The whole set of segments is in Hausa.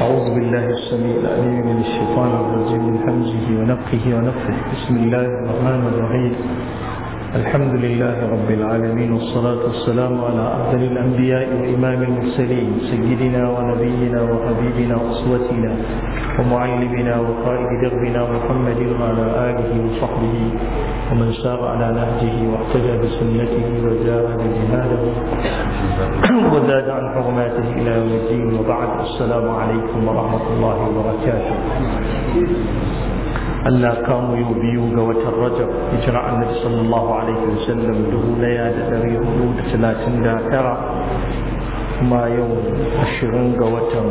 أعوذ بالله السميع العليم من الشيطان الرجيم من حمزه ونفخه ونفخه بسم الله الرحمن الرحيم الحمد لله رب العالمين والصلاة والسلام على أفضل الأنبياء وإمام المرسلين سيدنا ونبينا وحبيبنا وأسوتنا ومعلمنا وقائد دربنا محمد وعلى آله وصحبه ومن سار على نهجه واقتدى بسنته وجاه بجهاده وزاد عن حرماته الى يوم الدين وبعد السلام عليكم ورحمه الله وبركاته. ألا قاموا يوبيوك وترجب إجراء النبي صلى الله عليه وسلم له ليالي ذري حدود ثلاثين ذاكرة ما يوم عشرون وتم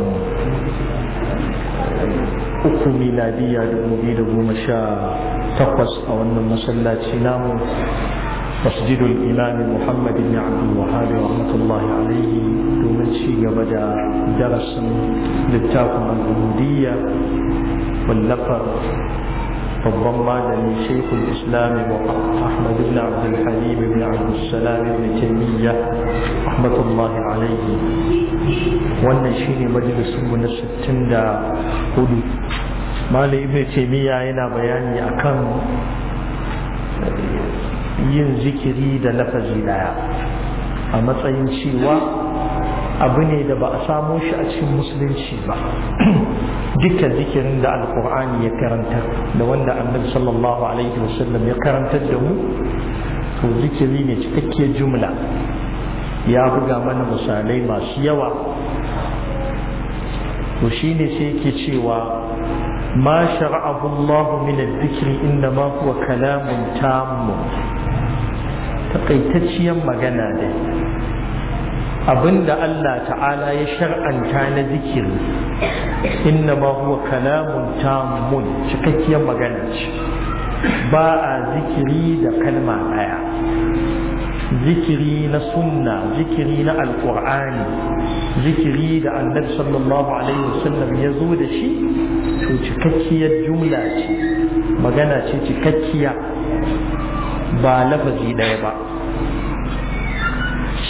أخو ميلادية دمو مشاء takwas a wannan masallaci namu masjidul imamin muhammadin ya abdullahi wa rahmatullahi domin ci gaba da darasin littafin al'adudiyya wallafar babban madani shekul islami muhammad ibn abdul halim ibn abdul salam ibn taimiyya rahmatullahi wannan shine majalisin sittin da 64 malam ibn taymiya yana bayani akan yin zikiri da lafazi daya a matsayin cewa abu ne da ba a samo shi a cikin musulunci ba duka zikirin da alkur'ani ya karanta da wanda annabi sallallahu alaihi wasallam ya karantar da mu to zikiri ne cikakkiyar jumla ya buga mana misalai masu yawa to shine sai yake cewa ما شرعه الله من الذكر انما هو كلام تام تقيتشيان مغانا دي abinda Allah ta'ala ya shar'anta na zikiri inna ma huwa kalamun tammun cikakkiyar magana ce ba'a zikiri da kalma daya zikiri na sunna zikiri na alkur'ani zikiri da annabi sallallahu alaihi wasallam ya zo da shi to cikakkiyar jumla ce magana ce cikakkiya ba lafazi ɗaya ba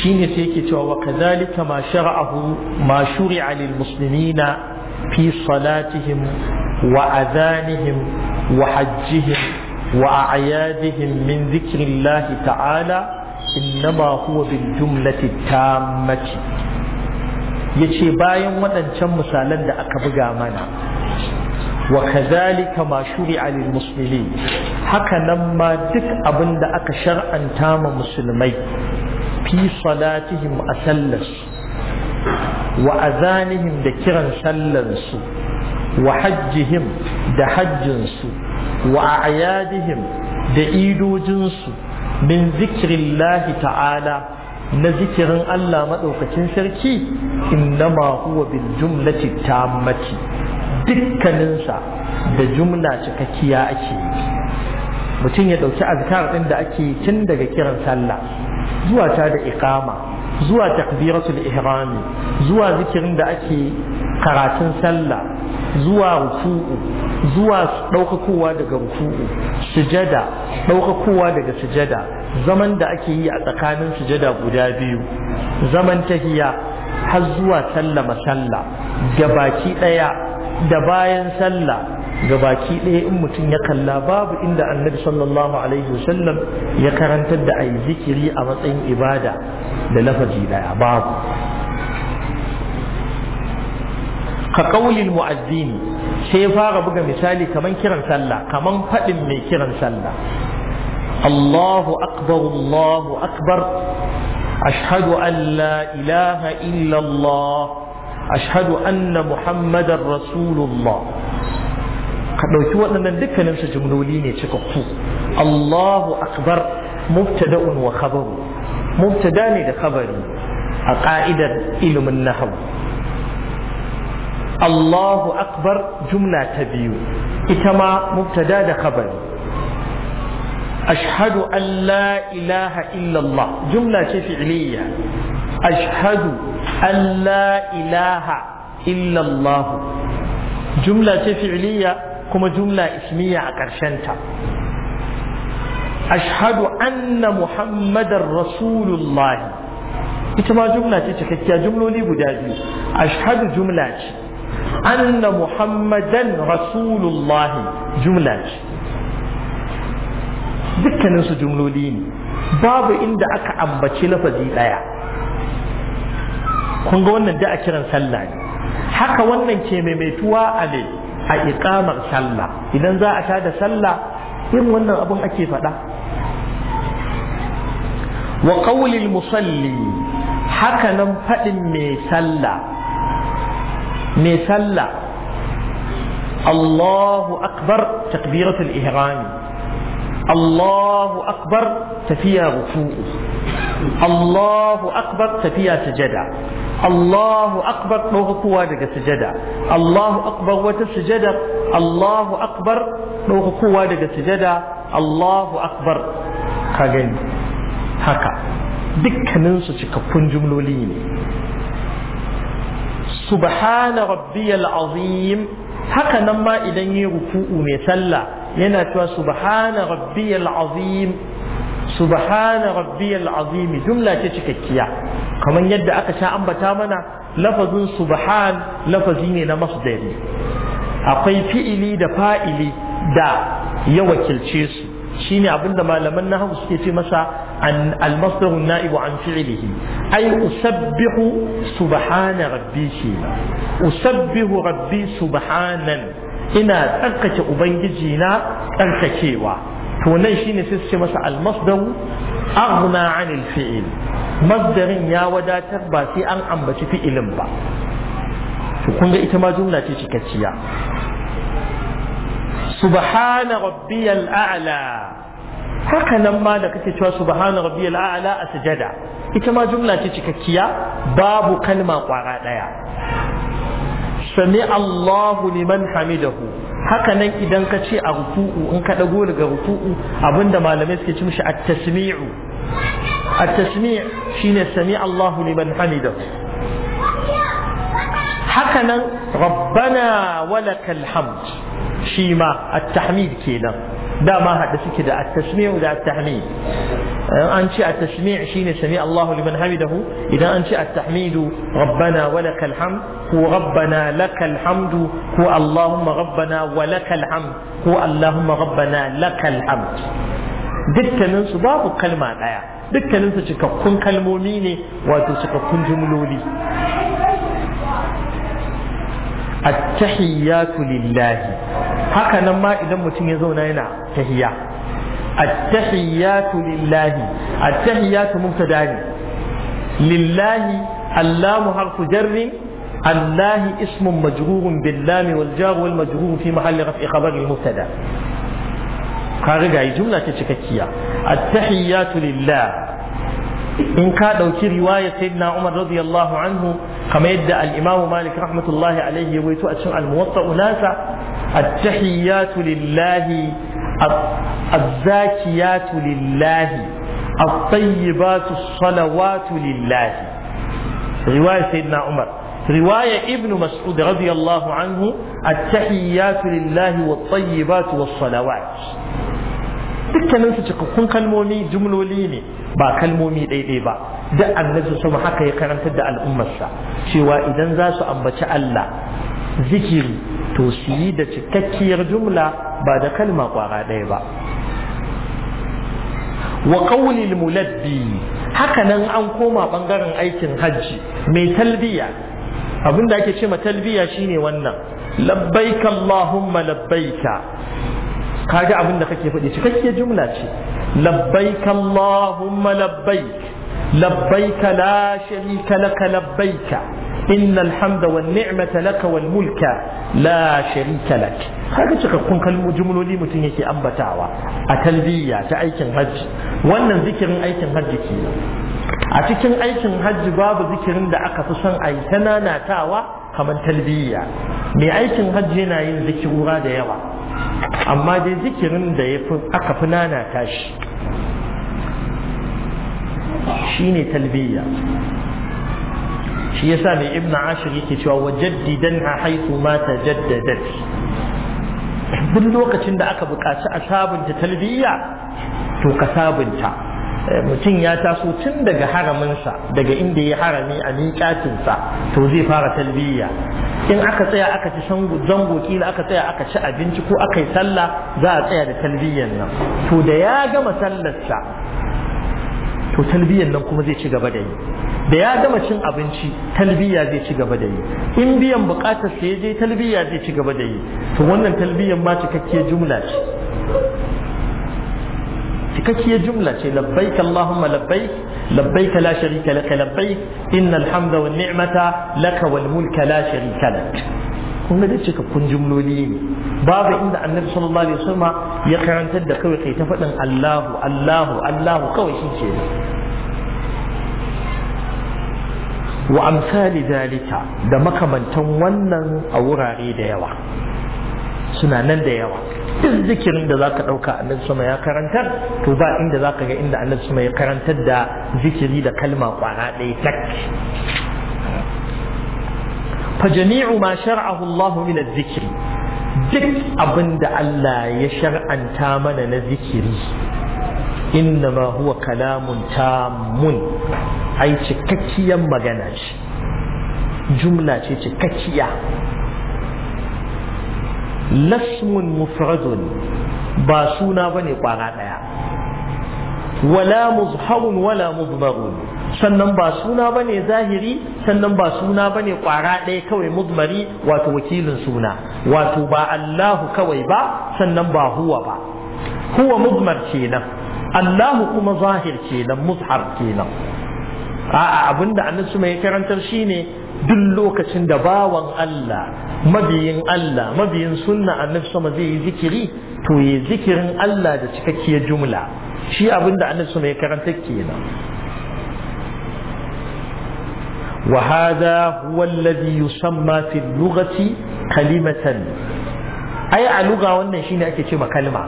shine sai yake cewa wa kazalika ma shar'ahu ma shuri'a lil fi salatihim wa adhanihim wa hajjihim wa a'yadihim min zikirillahi ta'ala innama huwa bil jumlati tammati yace bayan waɗancan misalan da aka buga mana وكذلك ما شرع للمسلمين haka nan ma duk abin da aka shar'anta ma musulmai fi salatihim a sallarsu wa azanihim da kiran sallarsu wa hajjihim da hajjinsu wa ayadihim da idojinsu min zikirillahi ta'ala na zikirin Allah maɗaukacin sarki innama huwa bil jumlati tammati dukkaninsa da jumla cikakkiya ake mutum ya ɗauki azkar ɗin da ake tun daga kiran sallah zuwa ta da iqama zuwa takbiratul ihrami zuwa zikirin da ake karatun sallah zuwa ruku'u zuwa ɗaukakowa daga ruku'u sujada ɗaukakowa daga sujada zaman da ake yi a tsakanin sujada guda biyu zaman tahiya har zuwa sallama sallah Gabaki ɗaya da bayan sallah ga baki ɗaya in mutum ya kalla babu inda annabi sallallahu alaihi wasallam ya karantar da ayi zikiri a matsayin ibada da lafazi daya babu ka ƙaulil mu'azzini sai ya fara buga misali kaman kiran sallah kaman faɗin mai kiran sallah Allahu akbar Allahu akbar ashhadu an la ilaha illallah ashhadu anna Muhammadan rasulullah ka ɗauki waɗannan dukkanin su jumloli ne cikakku Allahu akbar mubtada'un wa khabaru mubtada ne da khabari a ƙa'idar ilimin nahwu Allahu akbar jumla ta biyu ita ma mubtada da khabari ashhadu an la ilaha illallah jumla ce fi'liya ashhadu an la ilaha jumla ce fi'liya kuma jumla ismiya a ƙarshenta ashhadu anna muhammadar rasulullah ita ma jumla ce cikakkiya jumloli guda biyu ashhadu jumla ce anna muhammadan rasulullah jumla ce dukkaninsu jumloli ne babu inda aka ambaci lafazi ɗaya kun ga wannan da a kiran sallah ne haka wannan ke maimaituwa a ne a iqamar sallah idan za a da sallah irin wannan abun ake faɗa wa qawlil musalli haka nan faɗin mai sallah mai sallah Allahu akbar takbiratul ihrami Allahu akbar tafiya ruku'u Allahu akbar tafiya sujada Allahu akbar ɗaukakowa daga sujada Allahu akbar wata sujada Allahu akbar ɗaukakowa daga sujada Allahu akbar ka haka dukkaninsu cikakkun jumloli ne subhana rabbiyal azim haka nan ma idan yi ruku'u mai sallah yana cewa subhana rabbiyal azim subhana rabbiyal azimi jumla ce cikakkiya kamar yadda aka sha ambata mana lafazin subhan lafazi ne na masdari akwai fi'ili da fa'ili da ya wakilce su shine abinda malaman nahwu suke ce masa an almasdaru na'ibu an fi'lihi ay usabbihu subhana rabbi shi usabbihu rabbi subhanan ina tsarkake ubangiji na tsarkakewa to nan shine sai su ce masa almasdaru aghna anil fi'il masdarin ya wadatar ba sai an ambaci fi'ilin ba to kun ga ita ma jumla ce cikakkiya. subhana rabbiyal a'la haka nan ma da kake cewa subhana rabbiyal a'la a sujada ita ma jumla ce cikakkiya babu kalma kwara daya sami Allahu liman hamidahu hakanan idan ka ce a ruku'u in ka dago daga ruku'u abinda malamai suke ci mishi at-tasmi'u at-tasmi' shine sami Allahu liman hamida hakanan rabbana walakal hamd shima ma at-tahmid kenan dama haɗe suke da at-tasmi'u da at-tahmid an ce at-tasmi' shine sami Allahu liman hamidahu idan an ce at-tahmidu rabbana wa lakal hamd ko rabbana lakal hamdu ko allahumma rabbana wa lakal hamd ko allahumma rabbana lakal hamd dukkanin su babu kalma daya dukkanin su cikakkun kalmomi ne wato cikakkun jumloli attahiyyatu lillahi haka nan ma idan mutum ya zauna yana tahiyya at lillahi at mubtada ne lillahi allahu harfu jarrin الله اسم مجرور باللام والجار والمجرور في محل رفع خبر المبتدا ka riga yi jumla ta cikakkiya at-tahiyyatu in ka ɗauki riwaya sayyidina Umar radiyallahu anhu kamar yadda al-Imam Malik rahmatullahi alaihi ya waito a cikin al-Muwatta unasa at-tahiyatu lillahi az-zakiyatu lillahi at-tayyibatu salawatu lillahi riwaya sayyidina Umar riwaya Ibn Mas'ud radiyallahu anhu at-tahiyatu lillahi wat-tayyibatu was-salawat dukkanin su cikakkun kalmomi jumloli ne ba kalmomi daidai ba duk annabi sama haka ya karanta da al'ummarsa cewa idan za su ambaci Allah zikiri to su yi da cikakkiyar jumla ba da kalma kwara ɗaya ba wa ƙaunin haka hakanan an koma ɓangaren aikin hajji mai talbiya abinda ake ce ma talbiya shine wannan labbaik Allahumma labbaika kaga abin da kake faɗi cikakke jumla ce labbaik allahumma labbaik labbaik la sharika laka labbaik innal hamda wan ni'mata laka wal mulka la sharika lak kaga cikakkun kalmo jumloli mutum yake ambatawa a talbiya ta aikin hajji wannan zikirin aikin hajji kenan a cikin aikin hajji babu zikirin da aka fi son ayi ta nanatawa kamar talbiya mai aikin hajji yana yin zikirura da yawa amma dai zikirin da ya fi aka fi nana tashi ne talbiya shi sa mai ibna ashir yake cewa wajaddidan a haifu mata jaddada duk lokacin da aka buƙaci a sabunta talbiya to ka sabunta Eh, mutum ya taso tun daga haraminsa daga inda ya harami a miƙatinsa to zai fara talbiya in aka tsaya aka ci zango kila aka tsaya aka ci abinci ko aka yi sallah za a tsaya da talbiyan nan to da ya gama sallarsa to talbiyan nan kuma zai ci gaba da yi da ya gama cin abinci talbiya zai ci gaba da yi in biyan bukatar sa ya je talbiya zai ci gaba da yi to wannan talbiyan ma cikakke jumla ce cikakkiyar jumla ce labbai allahumma labbai labbaik la sharika lak labbai, innal hamda wan ni'mata laka wal mulka la sharika lak kun ga dace ka kun jumloli ne babu inda annabi sallallahu alaihi wasallam ya karantar da kawai kai ta faɗin Allahu Allahu Allahu kawai shi ce. wa amsali zalika da makamantan wannan a wurare da yawa suna nan da yawa duk zikirin da zaka dauka annabi sama ya karantar to ba inda zaka ga inda annabi sama ya karantar da zikiri da kalma kwana ɗaya tak fa jami'u ma shar'ahu Allah min az-zikri duk abinda Allah ya shar'anta mana na zikiri innama huwa kalamun mun ai cikakkiyar magana ce jumla ce cikakkiya lasmun mufradun ba suna bane kwara ɗaya. wala muzharun wala muzmarun sannan ba suna bane zahiri sannan ba suna bane kwara ɗaya kawai muzmari wato wakilin suna wato ba Allahu kawai ba sannan ba huwa ba huwa muzmar kenan Allahu kuma zahir kenan muzhar kenan a'a abinda annabi ya karantar shine duk lokacin da bawan Allah mabiyin Allah mabiyin sunna annabi sama zai yi zikiri to zikirin Allah da cikakkiyar jumla shi abin da annabi sama ya karanta kenan wa hadha huwa alladhi yusamma fi lughati kalimatan ai a lugha wannan shine ake ce kalma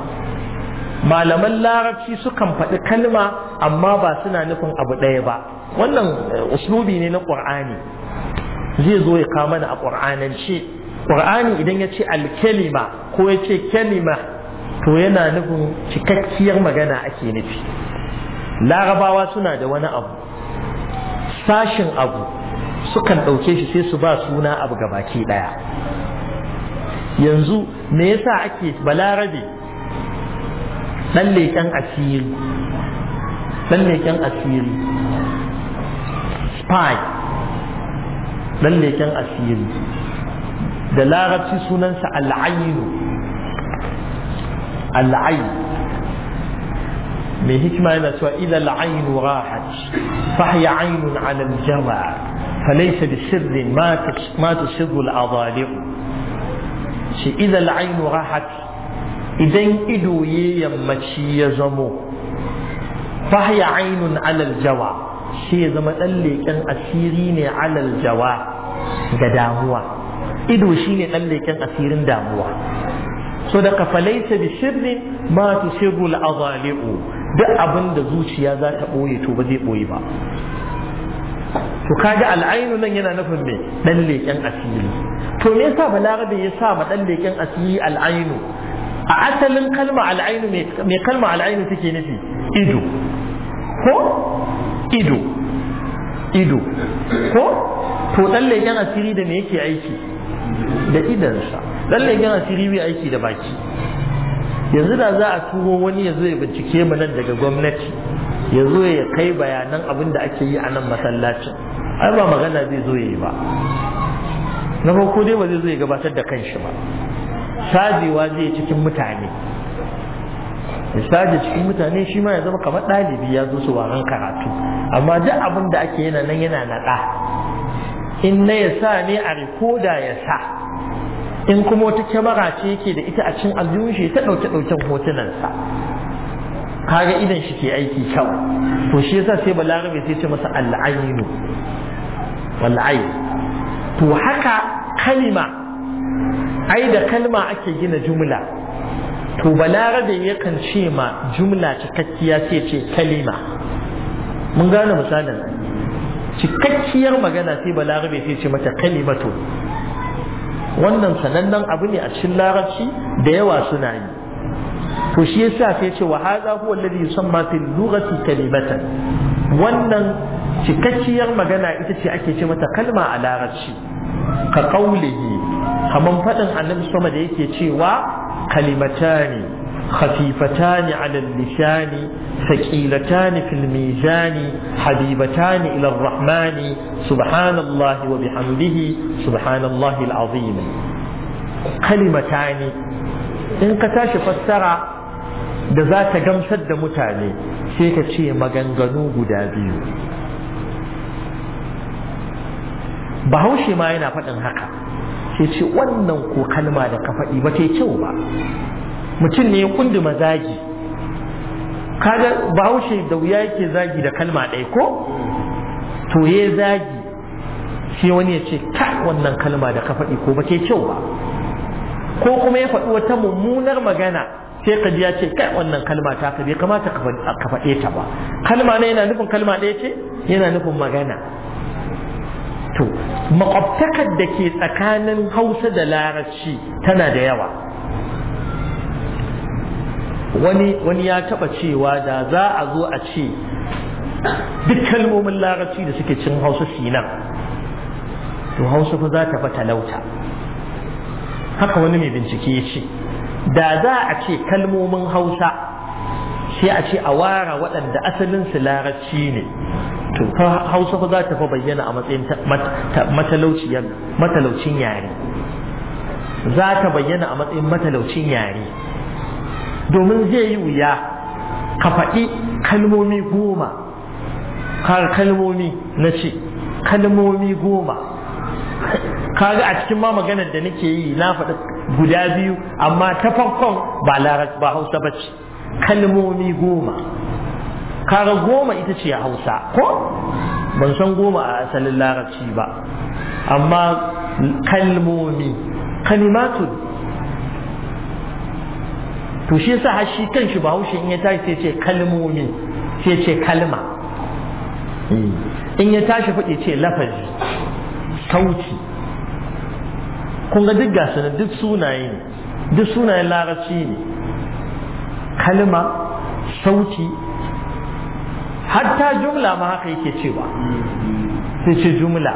malaman larabci sukan faɗi kalma amma ba suna nufin abu ɗaya ba wannan eh, uslubi ne na ƙur'ani zai zo ya kawo mana a ƙur'anance ƙur'ani idan ya ce alkalima ko ya ce kalima to yana nufin cikakkiyar magana ake nufi larabawa suna da wani abu sashin abu sukan ɗauke shi sai su ba suna abu gabaki ɗaya yanzu me yasa ake balarabe ɗan leƙen asiri ɗan leƙen asiri spy dan leken asiri da larabci sunansa al'ayinu al'ayin mai hikima yana cewa ila al'ayinu rahat fahya ainun alal jama falaisa bi sirrin ma ta sirru al'adali'u shi ila al'ayinu rahat idan ido ya yammaci ya zamo fahya ainun alal jawa shi ya zama ɗan leƙen asiri ne alal jawa ga damuwa ido shine dan leken asirin damuwa so da kafalaita bi shirri ma tusirru al-azali'u duk abin da zuciya za ta boye to ba zai boye ba to kaga al'ainu nan yana nufin me dan leken asiri to me yasa balarabe ya sa ma dan leken asiri al'ainu a asalin kalma al'ainu me kalma al'ainu take nufi ido ko ido ido ko to dan leken asiri da me yake aiki da idansa dan leken asiri bai aiki da baki yanzu da za a tuho wani ya zo ya bincike mu nan daga gwamnati ya zo ya kai bayanan abin da ake yi a nan masallacin ai ba magana zai zo ya yi ba na farko dai ba zai zo ya gabatar da kanshi ba sajewa zai cikin mutane saje cikin mutane shi ma ya zama kamar ɗalibi ya zo su karatu amma duk abin da ake yana nan yana naɗa in na ya sa ne a rikoda ya sa in kuma wata kyamara ce yake da ita a cikin aljihun shi ta ɗauke ɗauken hotunansa kaga idan shi ke aiki kawai to shi yasa sai balarabe sai ce masa al'ainu wal'ayin to haka kalima ai da kalma ake gina jumla to balarabe yakan ce ma jumla cikakkiya sai ce kalima mun gane misalin cikakkiyar magana sai balarabe sai ce mata kalimatu wannan sanannen abu ne a cikin larabci da yawa suna yi to shi yasa sai ce wa hadha huwa alladhi yusamma fil lughati kalimatan wannan cikakkiyar magana ita ce ake ce mata kalma a larabci ka qaulihi kaman faɗin annabi sama da yake cewa kalimatani خفيفتان على اللسان ثقيلتان في الميزان حبيبتان إلى الرحمن سبحان الله وبحمده سبحان الله العظيم كلمتان إن كتاش da za ta gamsar da mutane sai ka ce maganganu guda biyu bahaushe ma yana faɗin haka sai ce wannan ko kalma da ka faɗi ba ta kyau ba mutum ne ya kunduma zagi kaga bahaushe da wuya yake zagi da kalma ɗaya ko to ya zagi sai wani ya ce ta wannan kalma da ka ko ba ke kyau ba ko kuma ya faɗi wata mummunar magana sai ka ji ya ce kai wannan kalma ta ka bai kamata ka ta ba kalma na yana nufin kalma ɗaya ce yana nufin magana to makwabtakar da ke tsakanin hausa da larabci tana da yawa wani wani ya taba cewa da za a zo a ce duk kalmomin larabci da suke cin hausa sinan to hausa fa za ta fa talauta haka wani mai bincike ya ce da za a ce kalmomin hausa sai a ce a wara waɗanda asalinsu larabci ne to fa hausa fa za ta fa bayyana a matsayin matalaucin yare za ta bayyana a matsayin matalaucin yare domin zai yi wuya ka faɗi kalmomi goma kar kalmomi na ce kalmomi goma kaga a cikin ma maganar da nake yi na faɗi guda biyu amma ta farkon ba laras ba hausa ba ce kalmomi goma kaga goma ita ce hausa ko ban san goma a asalin larabci ba amma kalmomi kalimatun to shi yasa har shi bahaushe in ya tashi sai ce kalmomi sai ce kalma in ya tashi faɗi ce lafazi sauti kun ga duk gasu duk sunaye ne duk sunayen larabci ne kalma sauti hatta jumla ma haka yake cewa sai ce jumla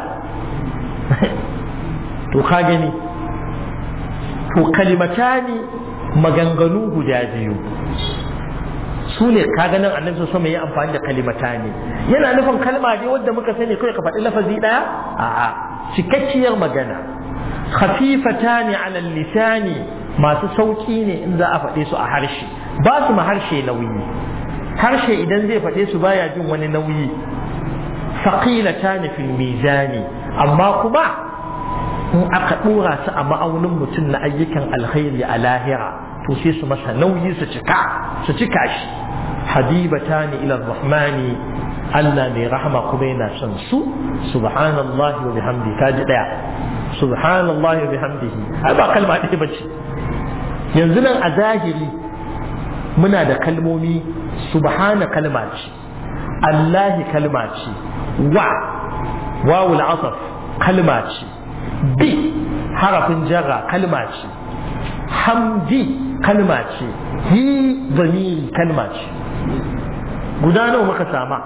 to ka gani to ne maganganu guda biyu su ne kaga annan annabi so mai amfani da kalimata ne yana nufin kalma ne wadda muka sani kawai ka faɗi lafazi ɗaya a'a cikakkiyar magana Khafifata ne ala lisani masu sauki ne in za a faɗe su a harshe ba su ma harshe nauyi harshe idan zai faɗe su baya jin wani nauyi faqilatani fil mizani amma kuma in aka ɗora su a ma'aunin mutum na ayyukan alkhairi a lahira to sai su masa nauyi su cika su cika shi habibata ni ila rahmani Allah mai rahama kuma yana son su subhanallahi wa bihamdi Ta ji daya subhanallahi wa bihamdihi ai ba kalma ɗaya bace yanzu nan a zahiri muna da kalmomi subhana kalma ce Allahi kalma ce wa wawul asaf kalma ce bi harafin jarra kalma ce hamdi kalma ce hi zamiri kalma ce guda nawa muka sama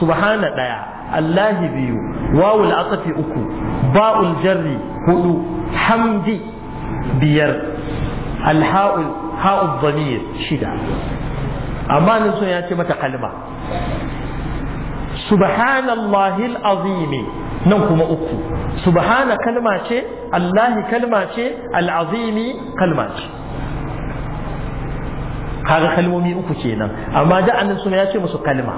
subhana daya allahi biyu wawul asafi uku ba'ul jarri hudu hamdi biyar alha'ul ha'ul zamir shida amma nan ya ce mata kalma subhanallahi al'azimi nan kuma uku subhana kalma ce allahi kalma ce al'azimi kalma ce kaga kalmomi uku kenan amma da annan suna ya ce musu kalma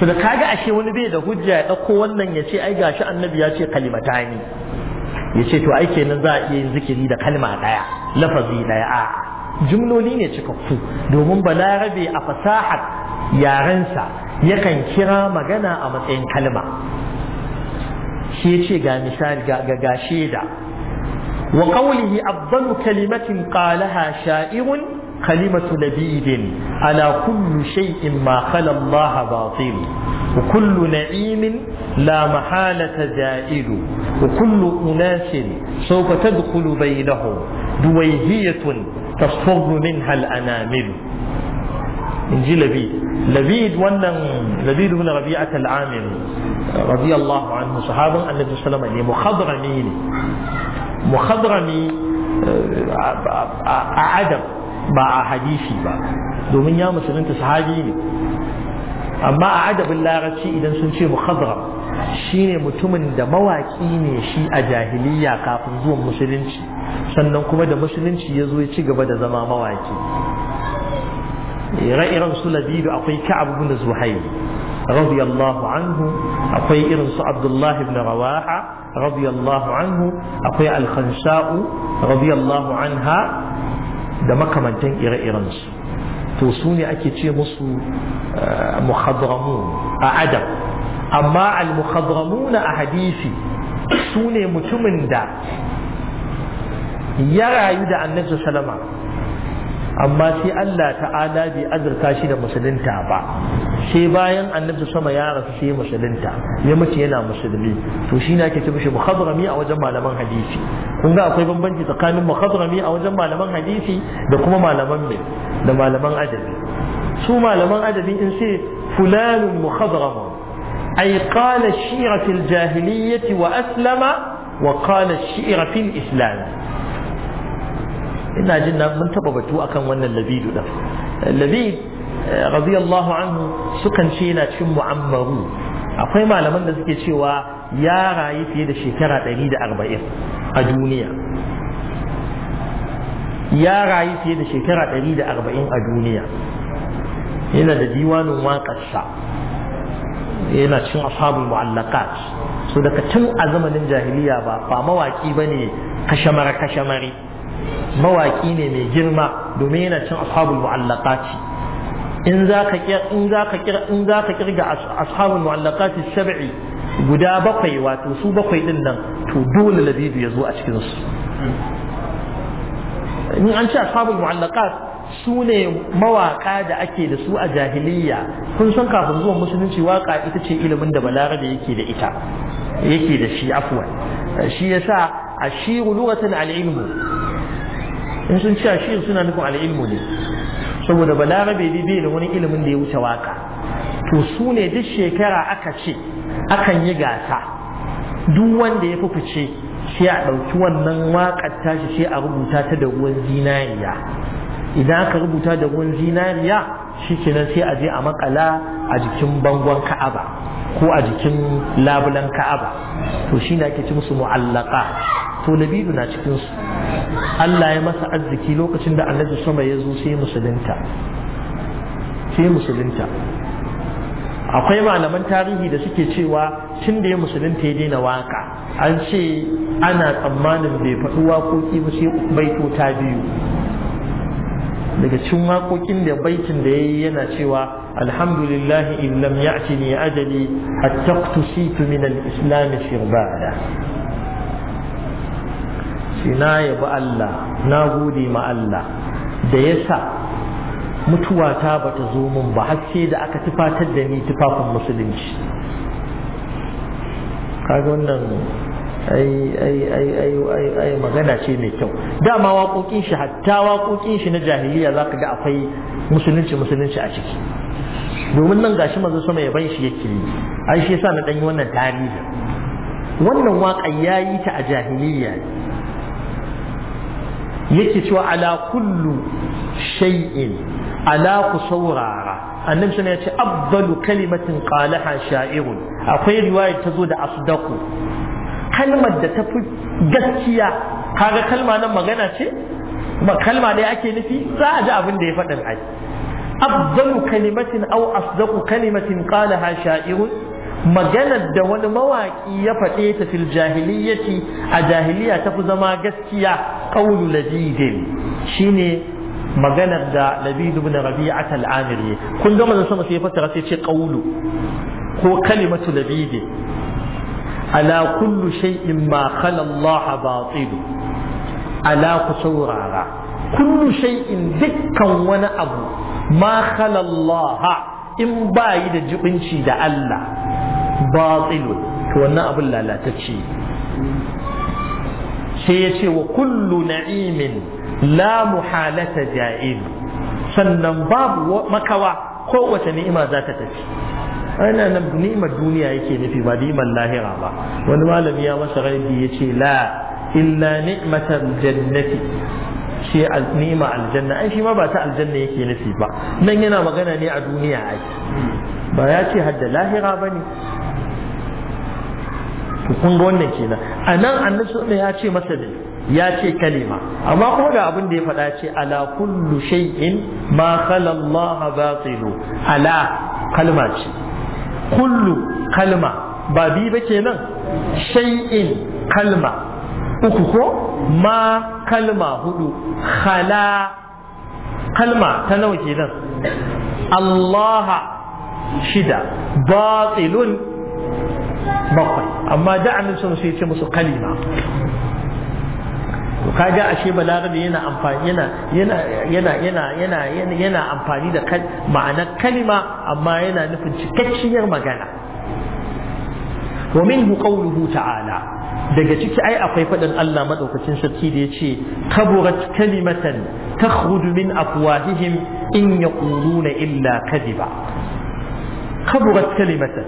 su da kaga ashe wani bai da hujja ya ɗauko wannan ya ce ai gashi annabi ya ce kalimata ne ya ce to ai kenan za a iya yin zikiri da kalma ɗaya lafazi ɗaya a jumloli ne cikakku domin balarabe a fasahar yarensa yakan kira magana a matsayin kalma sai ya ce ga misali ga ga shaida wa qawlihi afdalu kalimatin qalaha sha'irun kalimatu nabiyyin ala kullu shay'in ma khala Allah batil wa kullu na'imin la mahalata za'idu wa kullu unasin sawfa tadkhulu bainahum duwayhiyatun tasfuru minha al-anamil in labid labid wannan labid ibn rabi'at al-amil radiyallahu anhu sahabin annabi sallama ne muhadrami ne muhadrami eh, a adam ba a hadisi ba domin ya musulunta sahabi ne amma a adabin larabci idan sun ce muhadram shine mutumin da mawaki ne shi a jahiliya kafin zuwan musulunci sannan kuma da musulunci ya zo ya ci gaba da zama mawaki ire-iren su labidu akwai ka'ab ibn zuhair radiyallahu anhu akwai irin su abdullahi ibn rawaha radiyallahu anhu akwai al-khansa'u radiyallahu anha da makamantan ire irensu. to su ake ce musu eh, muhadramun a adam amma al-muhadramuna a hadisi su ne mutumin da ya rayu da annabi sallama amma sai Allah ta'ala bai azurta shi da musulunta ba sai bayan annabi sama ya rasu sai musulunta ya mutu yana musulmi to shi ne ake ce mishi a wajen malaman hadisi kun ga akwai bambanci tsakanin muhadrami a wajen malaman hadisi da kuma malaman mai da malaman adabi su malaman adabi in sai fulanun muhadramun ay qala shi'ra jahiliyyati wa aslama wa qala shi'ra islam ina jin na mun taba batu akan wannan labidu da labid eh, radiyallahu anhu sukan ce yana cin mu'ammaru akwai malaman da suke cewa ya rayu fiye da shekara 140 a duniya ya rayu fiye da shekara 140 a duniya yana da diwanin waƙarsa yana cin ashabul mu'allaqat so daga tun a zamanin jahiliya ba ba mawaƙi bane kashamare kashamari. mawaki ne mai girma domin yana cin ashabul mu'allaqati in zaka in in kirga ashabul mu'allaqati sab'i guda bakwai wato su bakwai din nan to dole labidu ya zo a cikin su in an ce ashabul mu'allaqat su ne mawaka da ake da su a jahiliya kun san kafin zuwan musulunci waka ita ce ilimin da balarabe yake da ita yake da shi afwan shi yasa ashiru lughatan al-ilmu in sun ce shi suna nufin al'ilmu ne saboda balarabe dai bai da wani ilimin da ya wuce waka to su ne duk shekara aka ce akan yi gasa duk wanda ya fi fice sai a ɗauki wannan waƙar tashi sai a rubuta ta da ruwan zinariya idan aka rubuta da ruwan zinariya shi kenan sai a je a makala a jikin bangon ka'aba ko a jikin labulan ka'aba to shi ne ake ci musu mu'allaka to labidu na cikinsu. Allah ya masa arziki lokacin da annabi sama ya zo sai musulunta sai musulunta akwai malaman tarihi da suke cewa tun da ya musulunta ya daina waka an ce ana tsammanin bai faɗi waƙoƙi ba sai baito ta biyu daga cikin waƙoƙin da baitin da ya yi yana cewa الحمد لله إن لم يأتني أجلي حتى اقتسيت من الإسلام شربانا na yabi Allah na gode ma Allah da ya sa mutuwata bata zo min ba har sai da aka tufatar da ni tufafin musulunci kaga wannan ai ai magana ce mai kyau dama waƙoƙin shi hatta waƙoƙin shi na jahiliya zaka ga akwai musulunci musulunci a ciki domin nan gashi manzo sama ya ban shi yake yi ai shi yasa na ɗan yi wannan tarihi wannan ya yayi ta a jahiliyya yake cewa ala kullu shay'in ala ku saurara annabi sun ya ce afdalu kalimatin qalaha sha'irun akwai riwaya ta zo da asdaku kalmar da ta fi gaskiya kaga kalma nan magana ce ba kalma ne ake nufi za a ji abin da ya faɗin ai afdalu kalimatin au asdaqu kalimatin qalaha sha'irun maganar da wani mawaƙi ya faɗe ta fil jahiliyyati a jahiliya ta fi zama gaskiya qawlu ladidin shine maganar da labidu bin rabi'at al-amiri kun sama sai fassara sai ce ko kalimatu labidi ala kullu shay'in ma khala Allah batilu ala ku saurara kullu shay'in dukkan wani abu ma khalallaha in ba yi da jibinci da Allah batilun to wannan abin lalatacce sai ya ce wa kullu na'imin la muhalata ja'in sannan babu makawa kowace ni'ima za ta tafi ana nan ni'imar duniya yake nufi ba ni'imar lahira ba wani malami ya masa rabi ya ce la illa ni'matar jannati ce nema aljanna ai shi ma ba ta aljanna yake nufi ba nan yana magana ne a duniya ai ba ya ce hadda lahira ba ne kun ga wannan kenan a nan annabi ya ce masa da ya ce kalima amma kuma ga abin da ya faɗa ce ala kullu shay'in ma khala Allah batilu ala kalma ce kullu kalma ba bi ba kenan shay'in kalma uku ko ma kalma hudu khala kalma ta nawa kenan Allah shida batilun bakwai amma da annabi sai ce musu kalima ga ashe balarabi yana amfani yana yana yana yana yana yana amfani da ma'anar kalima amma yana nufin cikakkiyar magana wa minhu qawluhu ta'ala daga ciki ai akwai faɗin Allah maɗaukacin sarki da ya ce kaburat kalimatan takhruju min afwahihim in yaquluna illa kadiba kaburat kalimatan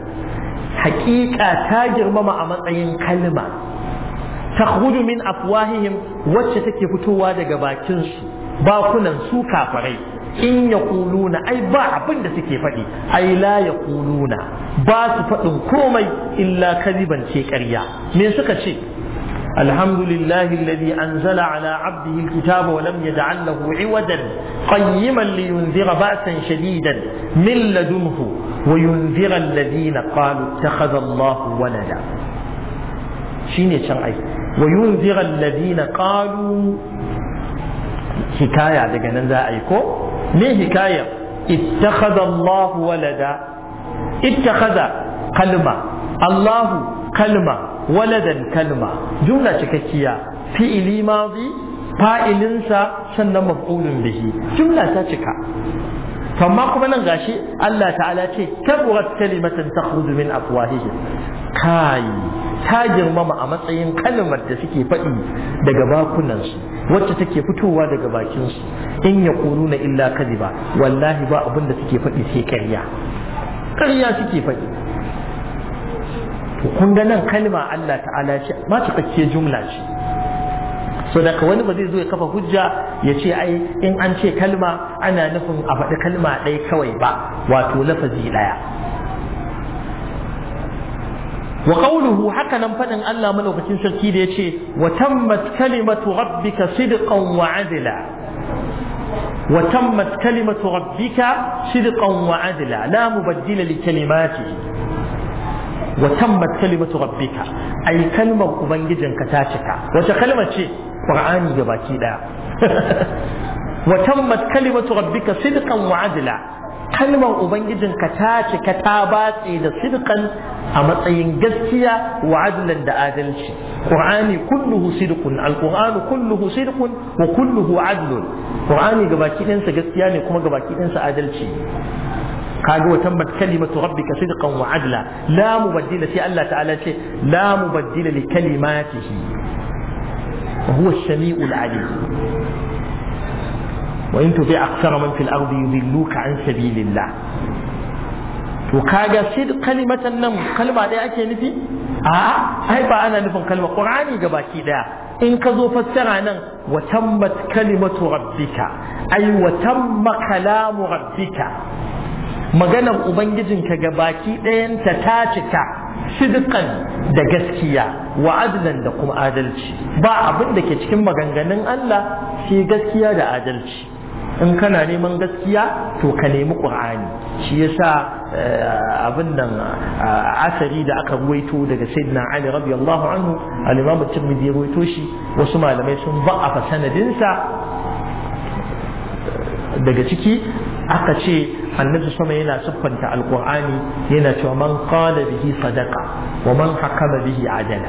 haƙiƙa ta girmama a matsayin kalma takhruju min afwahihim wacce take fitowa daga bakin su bakunan su kafarai in yaquluna ai ba abin da suke faɗi ai la yaquluna ba su faɗin komai illa kadiban ce ƙarya me suka ce الحمد لله الذي أنزل على عبده الكتاب ولم يجعل له عوجا قيما لينذر بأسا شديدا من لدنه وينذر الذين قالوا اتخذ الله ولدا شيني شرعي وينذر الذين قالوا حكاية لجنان ذا أيكو me hikaya ittakhadha Allah walada ittakhadha kalma Allah kalma waladan kalma jumla cikakkiya fi'ili madi fa'ilinsa sannan maf'ulun bihi jumla ta cika amma kuma nan gashi Allah ta'ala ce kaburat kalimatan takhruju min afwahihim kai ta girmama a matsayin kalmar da suke faɗi daga bakunansu wacce take fitowa daga bakin su in ya na illa kadiba wallahi ba abin da suke faɗi sai ƙarya ƙarya suke faɗi to kun ga nan kalma Allah ta'ala ce ma cikakke jumla ce so daga wani ba zai zo ya kafa hujja ya ce ai in an ce kalma ana nufin a faɗi kalma ɗaya kawai ba wato lafazi ɗaya wa qawluhu haka nan fadin Allah malaukakin sarki da yace wa tammat kalimatu rabbika sidqan wa adla wa tammat kalimatu rabbika sidqan wa adla la mubaddila li kalimati wa tammat kalimatu rabbika ai kalmar ubangijinka ta cika wace kalma ce kalimatu kalmar ka ta cika ta batse da sidqan a matsayin gaskiya wa adlan da adalci qur'ani kulluhu sidqun alqur'anu kulluhu sidqun wa kulluhu adlun qur'ani gabaki ɗinsa gaskiya ne kuma gabaki ɗinsa adalci kaga wa tabbat kalimatu rabbika sidqan wa adla la mubaddila sai Allah ta'ala ce la mubaddila li kalimatihi huwa as-sami'ul 'alim wa in tubi aktsara man fil ardi yudilluka an sabilillah to kaga shi kalimatan nan kalma ɗaya ake nufi a'a ai ba ana nufin kalma qur'ani gabaki ɗaya in ka zo fassara nan wa tammat kalimatu rabbika ai wa tamma kalamu rabbika maganar ubangijinka gabaki ɗayanta ta cika sidqan da gaskiya wa adlan da kuma adalci ba abin da ke cikin maganganun Allah shi gaskiya da adalci in kana neman gaskiya to ka nemi qur'ani shi yasa eh, abin nan eh, asari da aka ruwaito daga sayyidina ali radiyallahu anhu al-imam at-tirmidhi ruwaito shi wasu malamai sun ba'afa sanadin sa daga ciki aka ce annabi sama yana siffanta alqur'ani yana cewa man qala bihi sadaqa wa man hakama bihi adala